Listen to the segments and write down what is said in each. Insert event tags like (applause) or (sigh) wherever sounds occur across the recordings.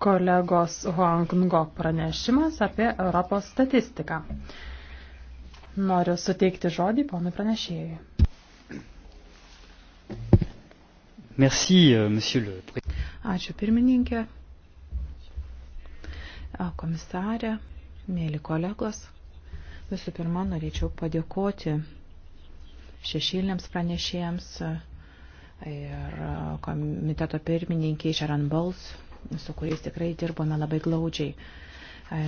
kolegos Hoangngo pranešimas apie Europos statistiką. Noriu suteikti žodį ponui pranešėjui. Merci, euh, monsieur le Ačiū pirmininkė, komisarė, mėly kolegos. Visų pirma, norėčiau padėkoti šešėlėms pranešėjams ir komiteto pirmininkiai Sharon Bowles su kuriais tikrai dirbome labai glaudžiai.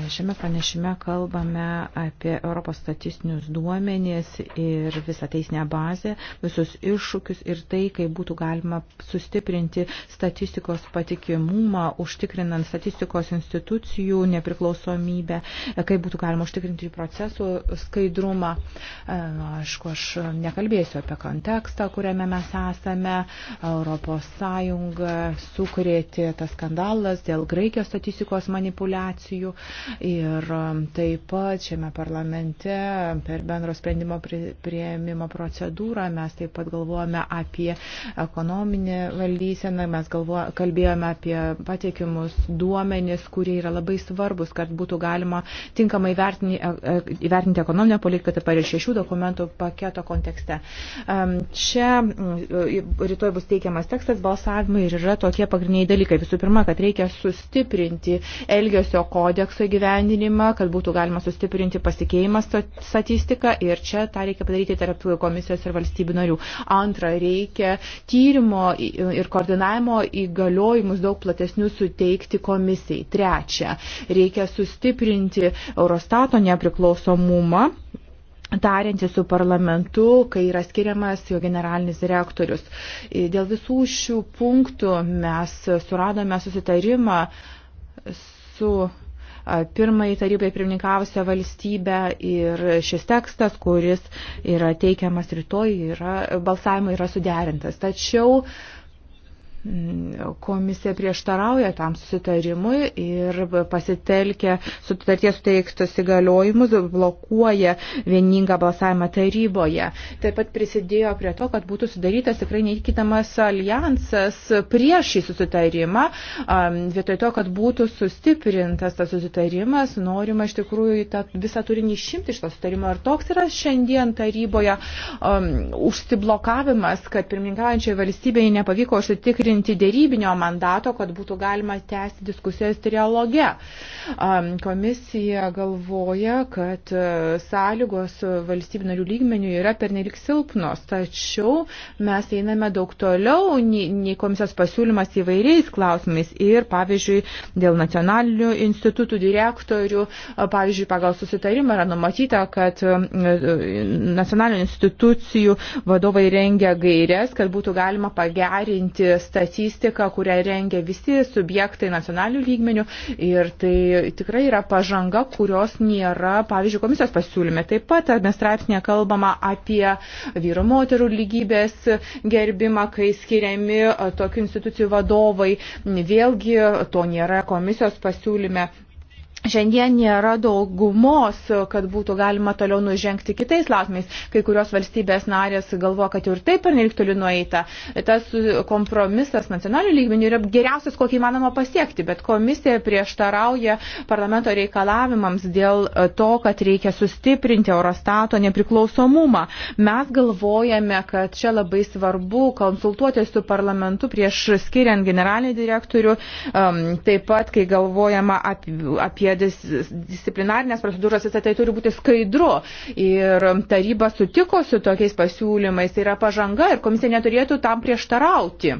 Šiame pranešime kalbame apie Europos statistinius duomenys ir visą teisinę bazę, visus iššūkius ir tai, kaip būtų galima sustiprinti statistikos patikimumą, užtikrinant statistikos institucijų nepriklausomybę, kaip būtų galima užtikrinti jų procesų skaidrumą. E, aišku, aš nekalbėsiu apie kontekstą, kuriame mes esame. Europos Sąjunga sukrėtė tas skandalas dėl Graikijos statistikos manipulacijų. Ir um, taip pat šiame parlamente per bendro sprendimo prieimimo procedūrą mes taip pat galvojame apie ekonominį valdyseną, mes galvo, kalbėjome apie patikimus duomenis, kurie yra labai svarbus, kad būtų galima tinkamai vertinti, e, e, įvertinti ekonominę politiką, taip pat ir šešių dokumentų paketo kontekste. Um, čia mm, rytoj bus teikiamas tekstas balsavimui ir yra tokie pagrindiniai dalykai. Visų pirma, kad reikia sustiprinti Elgesio kodeksą proceso įgyvendinimą, kad būtų galima sustiprinti pasikeimą statistiką ir čia tą reikia padaryti tarp komisijos ir valstybių narių. Antra, reikia tyrimo ir koordinavimo įgaliojimus daug platesnių suteikti komisijai. Trečia, reikia sustiprinti Eurostato nepriklausomumą tariantį su parlamentu, kai yra skiriamas jo generalinis direktorius. Dėl visų šių punktų mes suradome susitarimą su pirmąjį tarybai pirmininkavusią valstybę ir šis tekstas, kuris yra teikiamas rytoj, yra, balsavimai yra suderintas. Tačiau Komisija prieštarauja tam susitarimui ir pasitelkia sutarties suteiktus įgaliojimus, blokuoja vieningą balsavimą taryboje. Taip pat prisidėjo prie to, kad būtų sudarytas tikrai neįkitamas alijansas prieš šį susitarimą. Vietoj to, kad būtų sustiprintas tas susitarimas, norima iš tikrųjų tą visą turinį išimti iš to sutarimo. Ir toks yra šiandien taryboje um, užsiblokavimas, kad pirmininkaujančiai valstybei nepavyko užsitikrinti užtikrinti dėrybinio mandato, kad būtų galima tęsti diskusijas trialoge. Komisija galvoja, kad e, sąlygos valstybių narių lygmenių yra pernelik silpnos, tačiau mes einame daug toliau nei komisijos pasiūlymas įvairiais klausimais ir, pavyzdžiui, dėl nacionalinių institutų direktorių, pavyzdžiui, pagal susitarimą yra numatyta, kad e, nacionalinių institucijų vadovai rengia gairias, kad būtų galima pagerinti statybą statistiką, kurią rengia visi subjektai nacionalių lygmenių ir tai tikrai yra pažanga, kurios nėra, pavyzdžiui, komisijos pasiūlyme. Taip pat mes straipsnėje kalbama apie vyru moterų lygybės gerbimą, kai skiriami e, tokių institucijų vadovai. Vėlgi to nėra komisijos pasiūlyme. Šiandien nėra daugumos, kad būtų galima toliau nužengti kitais klausimais. Kai kurios valstybės narės galvo, kad jau ir taip per nelik toli nueita. Tas kompromisas nacionalinių lygmenių yra geriausias, kokį įmanoma pasiekti, bet komisija prieštarauja parlamento reikalavimams dėl to, kad reikia sustiprinti Eurostato nepriklausomumą. Mes galvojame, kad čia labai svarbu konsultuoti su parlamentu prieš skiriant generalinį direktorių, um, taip pat, kai galvojama apie apie dis, disciplinarnės procedūros, visą tai turi būti skaidru. Ir taryba sutiko su tokiais pasiūlymais, tai yra pažanga ir komisija neturėtų tam prieštarauti.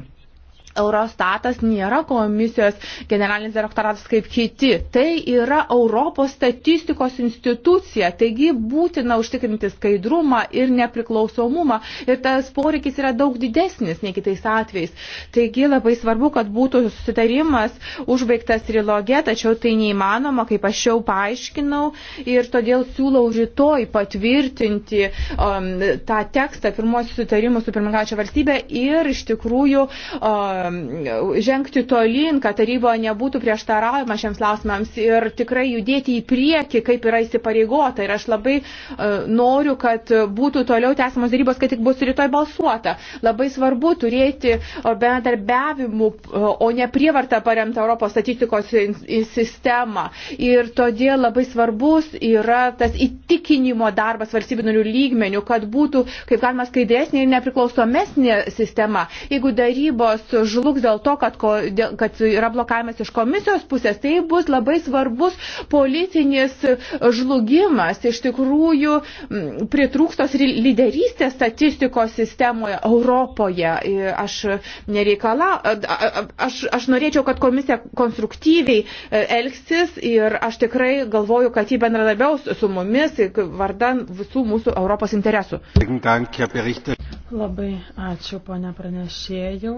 Eurostatas nėra komisijos generalinis direktoratas kaip kiti. Tai yra Europos statistikos institucija. Taigi būtina užtikrinti skaidrumą ir nepriklausomumą. Ir tas poreikis yra daug didesnis nei kitais atvejais. Taigi labai svarbu, kad būtų susitarimas užbaigtas trilogė, tačiau tai neįmanoma, kaip aš jau paaiškinau. Ir todėl siūlau rytoj patvirtinti um, tą tekstą pirmosius susitarimus su pirmingaučia valstybė ir iš tikrųjų um, Um, žengti tolyn, kad taryboje nebūtų prieštaraujama šiems klausimams ir tikrai judėti į priekį, kaip yra įsipareigota. Ir aš labai uh, noriu, kad būtų toliau tęsiamos darybos, kad tik bus rytoj balsuota. Labai svarbu turėti bendarbiavimų, uh, o ne prievartą paremtą Europos statistikos sistemą. Ir todėl labai svarbus yra tas įtikinimo darbas valstybinių lygmenių, kad būtų kaip galima skaidresnė ir nepriklausomesnė sistema. Jeigu darybos žlugs dėl to, kad, ko, dėl, kad yra blokavimas iš komisijos pusės, tai bus labai svarbus politinis žlugimas. Iš tikrųjų, pritrūkstos lyderystės statistikos sistemoje Europoje. Aš, nereikala, aš, aš norėčiau, kad komisija konstruktyviai e, elgsis ir aš tikrai galvoju, kad jį bendradarbiaus su mumis vardan visų mūsų Europos interesų. Labai ačiū, ponia pranešėjau.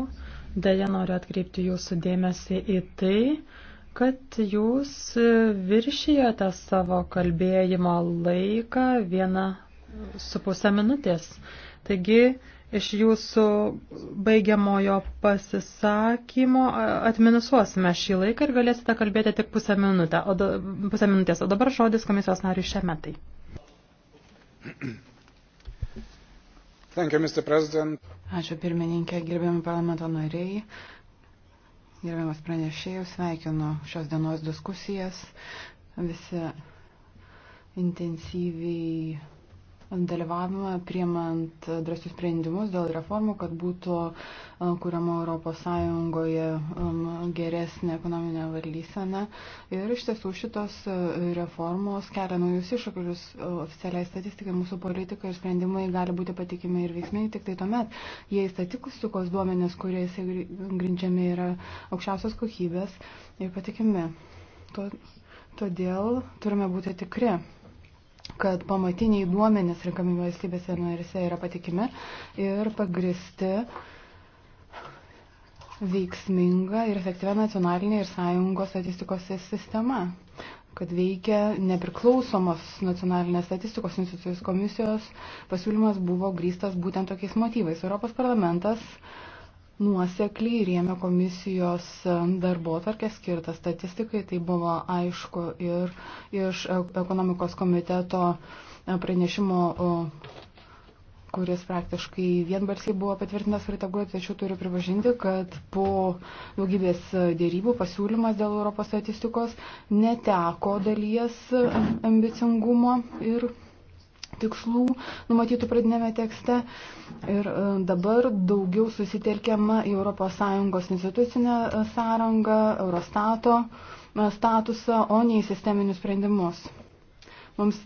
Deja, noriu atkreipti jūsų dėmesį į tai, kad jūs viršijate savo kalbėjimo laiką vieną su pusę minutės. Taigi, iš jūsų baigiamojo pasisakymo atminusuosime šį laiką ir galėsite kalbėti tik pusę, minutę, o da, pusę minutės. O dabar žodis komisijos nariui šiame tai. (coughs) You, Ačiū pirmininkė, gerbiami parlamento nariai, gerbiamas pranešėjus, sveikinu šios dienos diskusijas. Visi intensyviai dalyvavimą priemant drąsius sprendimus dėl reformų, kad būtų kuriama ES um, geresnė ekonominė valdysena. Ir iš tiesų šitos reformos kelia naujus iššūkius oficialiai statistikai, mūsų politika ir sprendimai gali būti patikimi ir veiksmingi tik tai tuomet, jei statistikos duomenės, kuriais grindžiami yra aukščiausios kokybės ir patikimi. Todėl turime būti tikri kad pamatiniai duomenys renkami valstybėse narėse yra patikimi ir pagristi veiksminga ir efektyvia nacionalinė ir sąjungos statistikos sistema kad veikia nepriklausomos nacionalinės statistikos institucijos komisijos pasiūlymas buvo grįstas būtent tokiais motyvais. Europos parlamentas uh, nuosekliai rėmė komisijos darbo tarkę skirtą statistikai. Tai buvo aišku ir iš e, ekonomikos komiteto pranešimo kuris praktiškai vienbalsiai buvo patvirtintas praeitą gruodį, tačiau turiu pripažinti, kad po daugybės dėrybų pasiūlymas dėl Europos statistikos neteko dalies e, ambicingumo ir tikslų numatytų pradinėme tekste. Ir e, dabar daugiau susitelkiama į ES institucinę e, sąrangą, Eurostato e, statusą, o ne į sisteminius sprendimus. Mums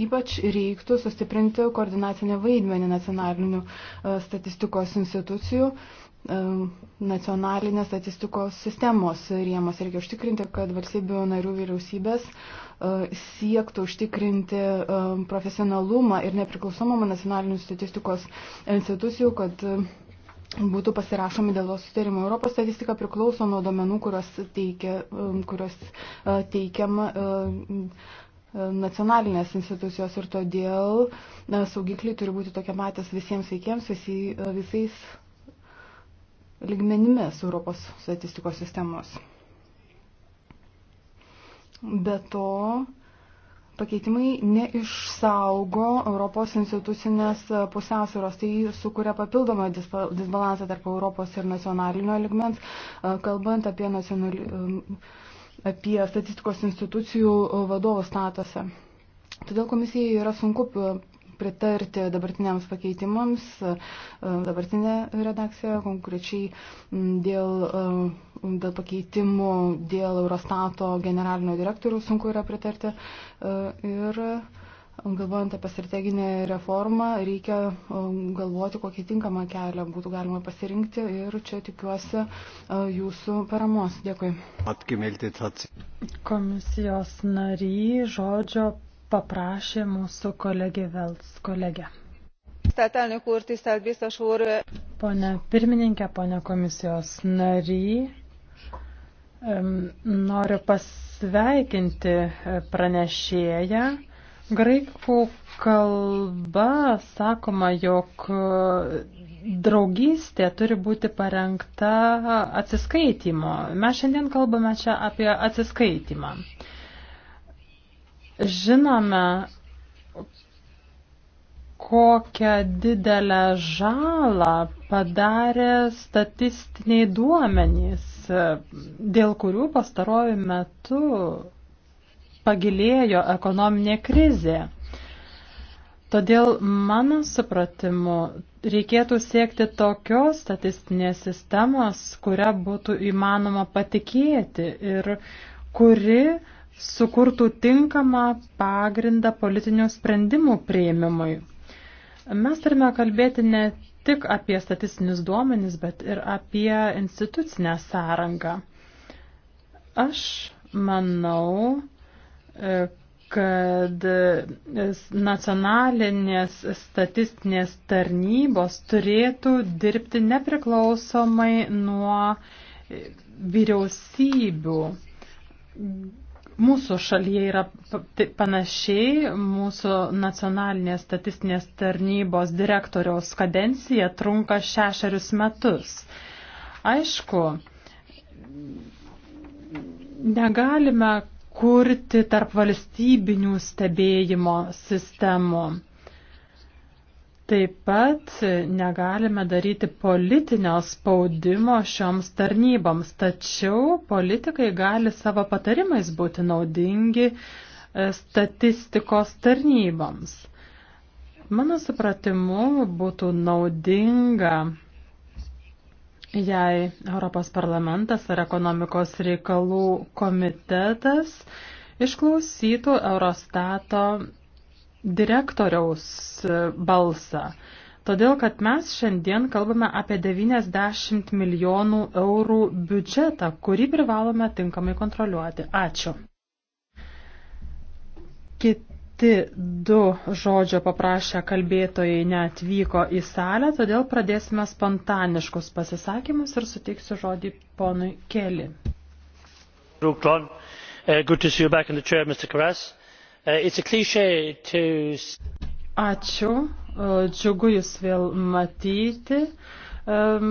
ypač reiktų sustiprinti koordinacinę vaidmenį nacionalinių statistikos institucijų nacionalinės statistikos sistemos rėmos. Reikia užtikrinti, kad valstybių narių vyriausybės E, siektų užtikrinti e, profesionalumą ir nepriklausomumą nacionalinių statistikos institucijų, kad e, būtų pasirašomi dėl to sutarimo. Europos statistika priklauso nuo domenų, kurios, teikia, kurios teikiama nacionalinės institucijos ir todėl saugikliai turi būti tokie matęs visiems veikiems, visi, visais ligmenimis Europos statistikos sistemos. Be to, pakeitimai neišsaugo Europos institucinės pusiausvėros. Tai sukuria papildomą disbalansą tarp Europos ir nacionalinio ligmens, kalbant apie, nacionali, apie statistikos institucijų vadovo statusą. Todėl komisijai yra sunku pritarti dabartiniams pakeitimams, e, dabartinė redakcija konkrečiai dėl, e, dėl pakeitimų dėl Eurostato generalinio direktorių sunku yra pritarti. E, ir galvojant apie strateginę reformą, reikia galvoti, kokį tinkamą kelią būtų galima pasirinkti ir čia tikiuosi jūsų paramos. Dėkui. Komisijos nary žodžio paprašė mūsų kolegė Velts kolegė. Pone pirmininkė, pone komisijos nary, noriu pasveikinti pranešėją. Graikų kalba sakoma, jog e, draugystė turi būti parengta atsiskaitimo. Mes šiandien kalbame čia apie atsiskaitimą. Žinome, kokią didelę žalą padarė statistiniai duomenys, dėl kurių pastaruoju metu pagilėjo ekonominė krizė. Todėl mano supratimu reikėtų siekti tokios statistinės sistemos, kuria būtų įmanoma patikėti ir kuri sukurtų tinkamą pagrindą politinių sprendimų prieimimui. Mes turime kalbėti ne tik apie statistinius duomenis, bet ir apie institucinę sąrangą. Aš manau, e, kad nacionalinės statistinės tarnybos turėtų dirbti nepriklausomai nuo vyriausybių. Mūsų šalyje yra tai panašiai, mūsų nacionalinės statistinės tarnybos direktoriaus kadencija trunka šešerius metus. Aišku, negalime kurti tarp valstybinių stebėjimo sistemų. Taip pat negalime daryti politinio spaudimo šioms tarnyboms, tačiau politikai gali savo patarimais būti naudingi e, statistikos tarnyboms. Mano supratimu būtų naudinga, jei Europos parlamentas ar ekonomikos reikalų komitetas išklausytų Eurostato direktoriaus balsą. Todėl, kad mes šiandien kalbame apie 90 milijonų eurų biudžetą, kurį privalome tinkamai kontroliuoti. Ačiū. Kiti du žodžio paprašę kalbėtojai neatvyko į salę, todėl pradėsime spontaniškus pasisakymus ir suteiksiu žodį ponui Keli. Good to see you back in the chair, Mr. Karas. Uh, it is a clich to. Ačiū. Uh, džiugu Jūs vėl matyti. Um,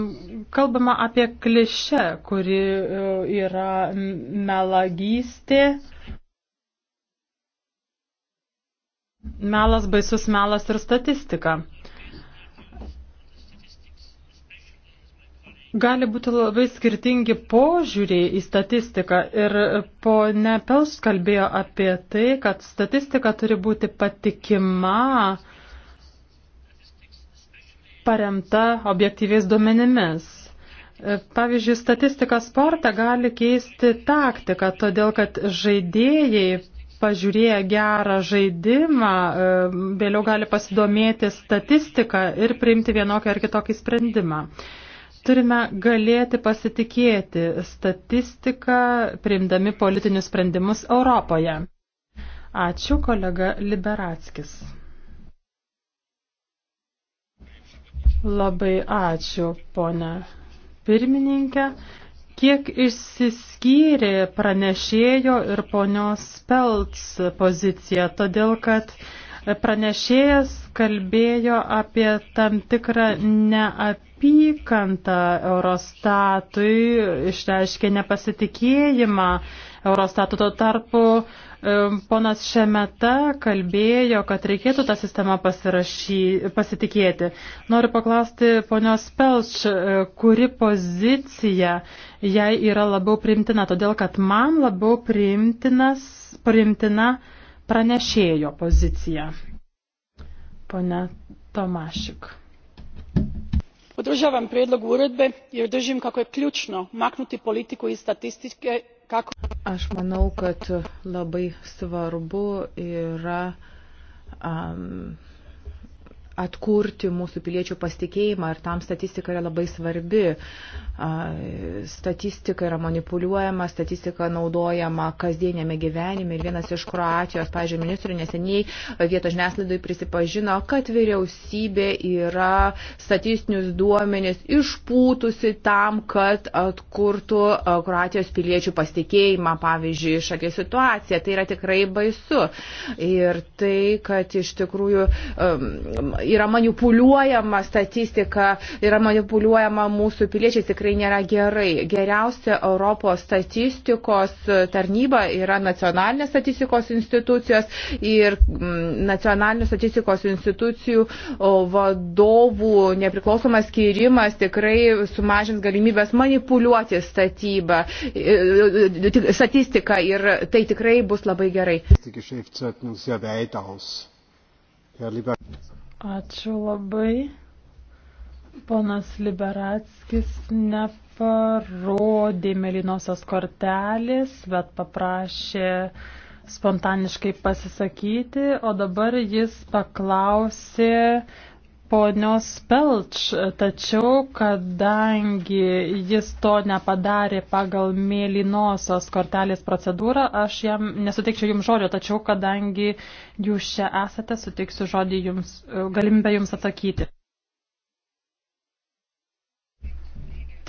kalbama apie klišę, kuri uh, yra melagystė. Melas, baisus melas ir statistika. Gali būti labai skirtingi požiūriai į statistiką ir ponia Pels kalbėjo apie tai, kad statistika turi būti patikima, paremta objektyviais duomenimis. Pavyzdžiui, statistika sporte gali keisti taktiką, todėl kad žaidėjai pažiūrėję gerą žaidimą, e, vėliau gali pasidomėti statistiką ir priimti vienokį ar kitokį sprendimą. Turime galėti pasitikėti statistiką, priimdami politinius sprendimus Europoje. Ačiū, kolega Liberatskis. Labai ačiū, ponia pirmininkė. Kiek išsiskyrė pranešėjo ir ponios Pelts pozicija, todėl kad pranešėjas kalbėjo apie tam tikrą neapykantos neapykantą Eurostatui, išreiškė nepasitikėjimą Eurostatu. Tuo tarpu e, ponas Šemeta kalbėjo, kad reikėtų tą sistemą pasitikėti. Noriu paklausti ponios Pelč, e, kuri pozicija jai yra labiau primtina, todėl kad man labiau primtina pranešėjo pozicija. Pone Tomašik podravam prijedlog uredbe jer drim kako je kljuno maknuti politiku iz statistike kako. aš manau kad labai svarbu yra um, atkurti mūsų piliečių pasitikėjimą ir tam statistika yra labai svarbi. Statistika yra manipuliuojama, statistika naudojama kasdienėme gyvenime ir vienas iš Kroatijos, pažiūrėjau, ministrų neseniai vietos žiniaslaidai prisipažino, kad vyriausybė yra statistinius duomenis išpūtusi tam, kad atkurtų Kroatijos piliečių pasitikėjimą, pavyzdžiui, šalia situaciją. Tai yra tikrai baisu. Ir tai, kad iš tikrųjų um, yra manipuliuojama statistika, yra manipuliuojama mūsų piliečiais, tikrai nėra gerai. Geriausia Europos statistikos tarnyba yra nacionalinės statistikos institucijos ir mm, nacionalinių statistikos institucijų vadovų nepriklausomas skirimas tikrai sumažins galimybės manipuliuoti statybą, e, e, statistiką ir tai tikrai bus labai gerai. Ačiū labai. Ponas Liberatskis neparodė melinosios kortelės, bet paprašė spontaniškai pasisakyti, o dabar jis paklausė ponios Pelč, tačiau kadangi jis to nepadarė pagal mėlynosios kortelės procedūrą, aš jam nesuteikčiau jums žodžio, tačiau kadangi jūs čia esate, suteiksiu žodį jums, galimybę jums atsakyti.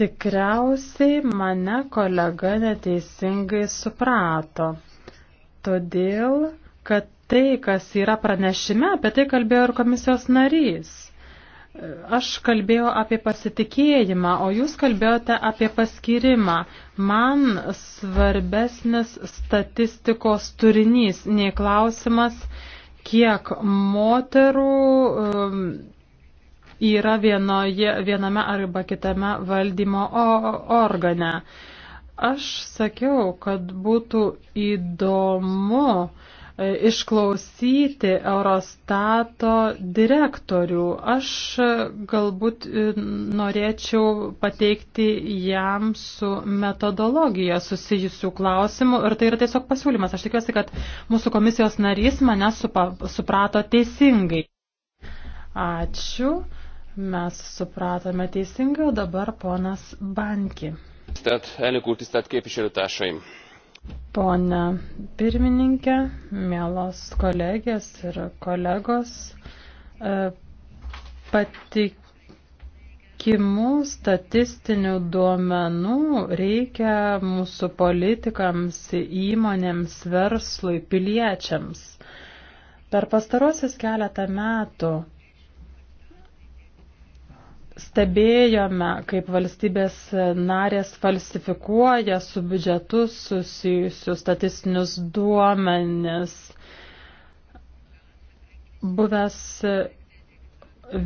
Tikriausiai mane kolega neteisingai suprato, todėl, kad tai, kas yra pranešime, apie tai kalbėjo ir komisijos narys. Aš kalbėjau apie pasitikėjimą, o jūs kalbėjote apie paskirimą. Man svarbesnis statistikos turinys nei klausimas, kiek moterų um, yra vienoje, viename arba kitame valdymo organe. Aš sakiau, kad būtų įdomu uh, E, išklausyti Eurostato direktorių. Aš e, galbūt e, norėčiau pateikti jam su metodologija susijusių klausimų ir tai yra tiesiog pasiūlymas. Aš tikiuosi, kad mūsų komisijos narys mane supa, suprato teisingai. Ačiū. Mes supratome teisingai, o dabar ponas Banki. Tisztelt elnök úr, tisztelt képviselőtársaim! Pone pirmininkė, mielos kolegės ir kolegos, e, patikimų statistinių duomenų reikia mūsų politikams, įmonėms, verslui, piliečiams. Per pastarosius keletą metų stebėjome, kaip valstybės narės falsifikuoja su biudžetu susijusius statistinius duomenis. Buvęs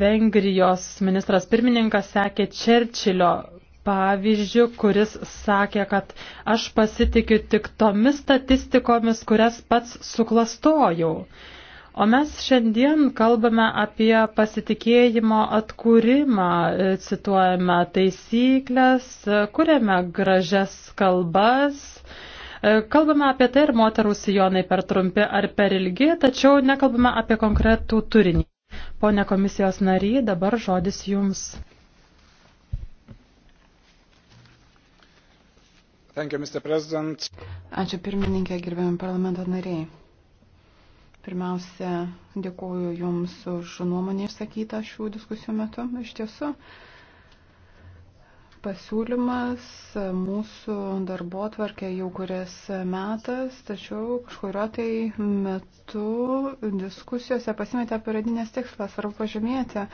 Vengrijos ministras pirmininkas sekė Čerčilio pavyzdžių, kuris sakė, kad aš pasitikiu tik tomis statistikomis, kurias pats suklastojau. O mes šiandien kalbame apie pasitikėjimo atkūrimą, e, cituojame taisyklės, e, kuriame gražias kalbas. E, kalbame apie tai, ar moterų sijonai per trumpi ar per ilgi, tačiau nekalbame apie konkretų turinį. Pone komisijos nary, dabar žodis jums. Thank you, Mr. President. Ačiū pirmininkė, gerbiami parlamento nariai. Pirmiausia, dėkuoju Jums už nuomonę išsakytą šių diskusijų metu. Iš tiesų, pasiūlymas mūsų darbo atvarkė jau kuris metas, tačiau kažkurio tai metu diskusijose pasimetė paradinės tikslas. Svarbu pažymėti,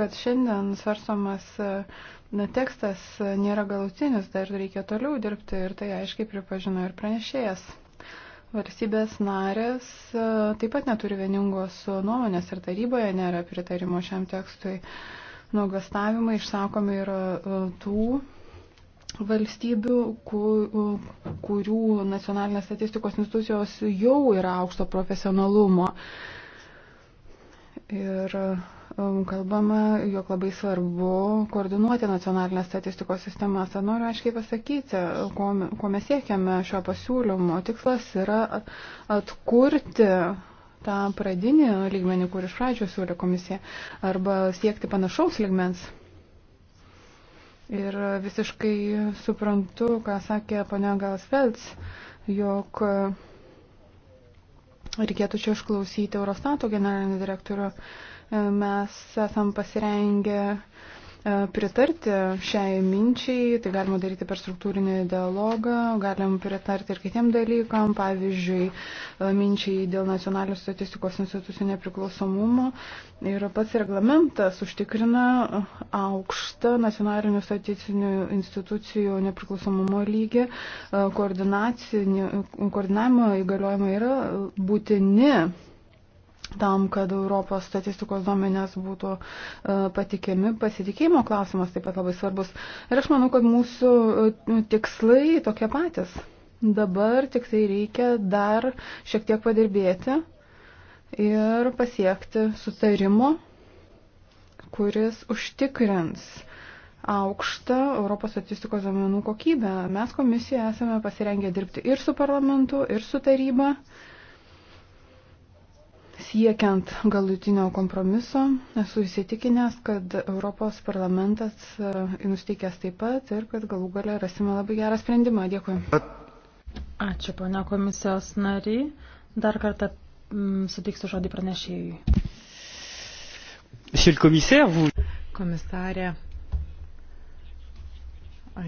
kad šiandien svarstomas na, tekstas nėra galutinis, dar reikia toliau dirbti ir tai aiškiai pripažino ir pranešėjas. Valstybės narės e, taip pat neturi vieningos nuomonės ir taryboje nėra pritarimo šiam tekstui. Nuogastavimai išsakomi yra e, tų valstybių, e, kurių nacionalinės statistikos institucijos jau yra aukšto profesionalumo. Ir um, kalbama, jog labai svarbu koordinuoti nacionalinės statistikos sistemas. Noriu aiškiai pasakyti, ko, ko mes siekiame šio pasiūlymo. Tikslas yra atkurti tą pradinį lygmenį, kur iš pradžio siūlė komisija, arba siekti panašaus lygmens. Ir visiškai suprantu, ką sakė ponia Galsvelts, jog uh, Reikėtų čia išklausyti Eurostato generalinį direktorių. E, mes esam pasirengę uh, E, pritarti šiai minčiai, tai galima daryti per struktūrinį dialogą, galim pritarti ir kitiem dalykam, pavyzdžiui, e, minčiai dėl nacionalinio statistikos institucijų nepriklausomumo. Ir pats reglamentas užtikrina aukštą nacionalinių statistinių institucijų nepriklausomumo lygį, e, koordinavimo įgaliojimai yra būtini tam, kad Europos statistikos duomenės būtų e, patikimi. Pasitikėjimo klausimas taip pat labai svarbus. Ir aš manau, kad mūsų e, tikslai tokie patys. Dabar tik tai reikia dar šiek tiek padirbėti ir pasiekti sutarimo, kuris užtikrins aukštą Europos statistikos duomenų kokybę. Mes komisijoje esame pasirengę dirbti ir su parlamentu, ir su taryba. Uh, Siekiant galutinio kompromiso, esu įsitikinęs, kad Europos parlamentas e, nusteikęs taip pat ir kad galų galę rasime labai gerą sprendimą. Dėkui. Ačiū, ponia komisijos nariai. Dar kartą mm, suteiksiu žodį pranešėjui. Komisarė,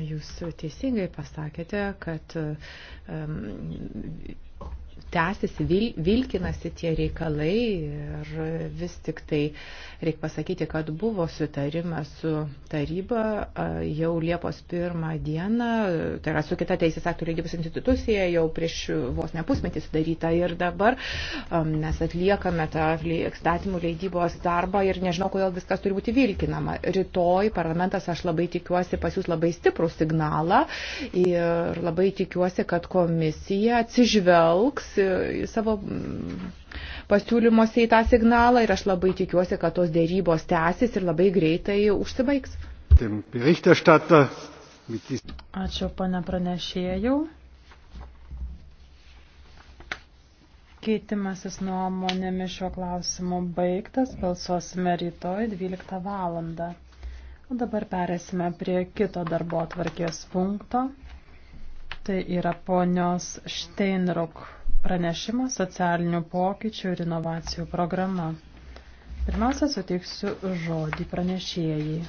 jūs teisingai pasakėte, kad um, tęsiasi, vil, vilkinasi tie reikalai ir vis tik tai reikia pasakyti, kad buvo sutarimas su taryba jau Liepos pirmą dieną, tai yra su kita teisės aktų leidybos institucija jau prieš vos ne pusmetį sudaryta ir dabar mes atliekame tą statymų leidybos darbą ir nežinau, kodėl viskas turi būti vilkinama. Rytoj parlamentas, aš labai tikiuosi, pasiūs labai stiprų signalą ir labai tikiuosi, kad komisija atsižvelgs savo mm, pasiūlymuose į tą signalą ir aš labai tikiuosi, kad tos dėrybos tęsis ir labai greitai užsibaigs. Ačiū, pane pranešėjau. Keitimasis nuomonėmis šiuo klausimu baigtas, balsuosime rytoj 12 valandą. O dabar perėsime prie kito darbo atvarkės punkto. Tai yra ponios Steinruk pranešimas socialinių pokyčių ir inovacijų programa. Pirmiausia, suteiksiu žodį pranešėjai.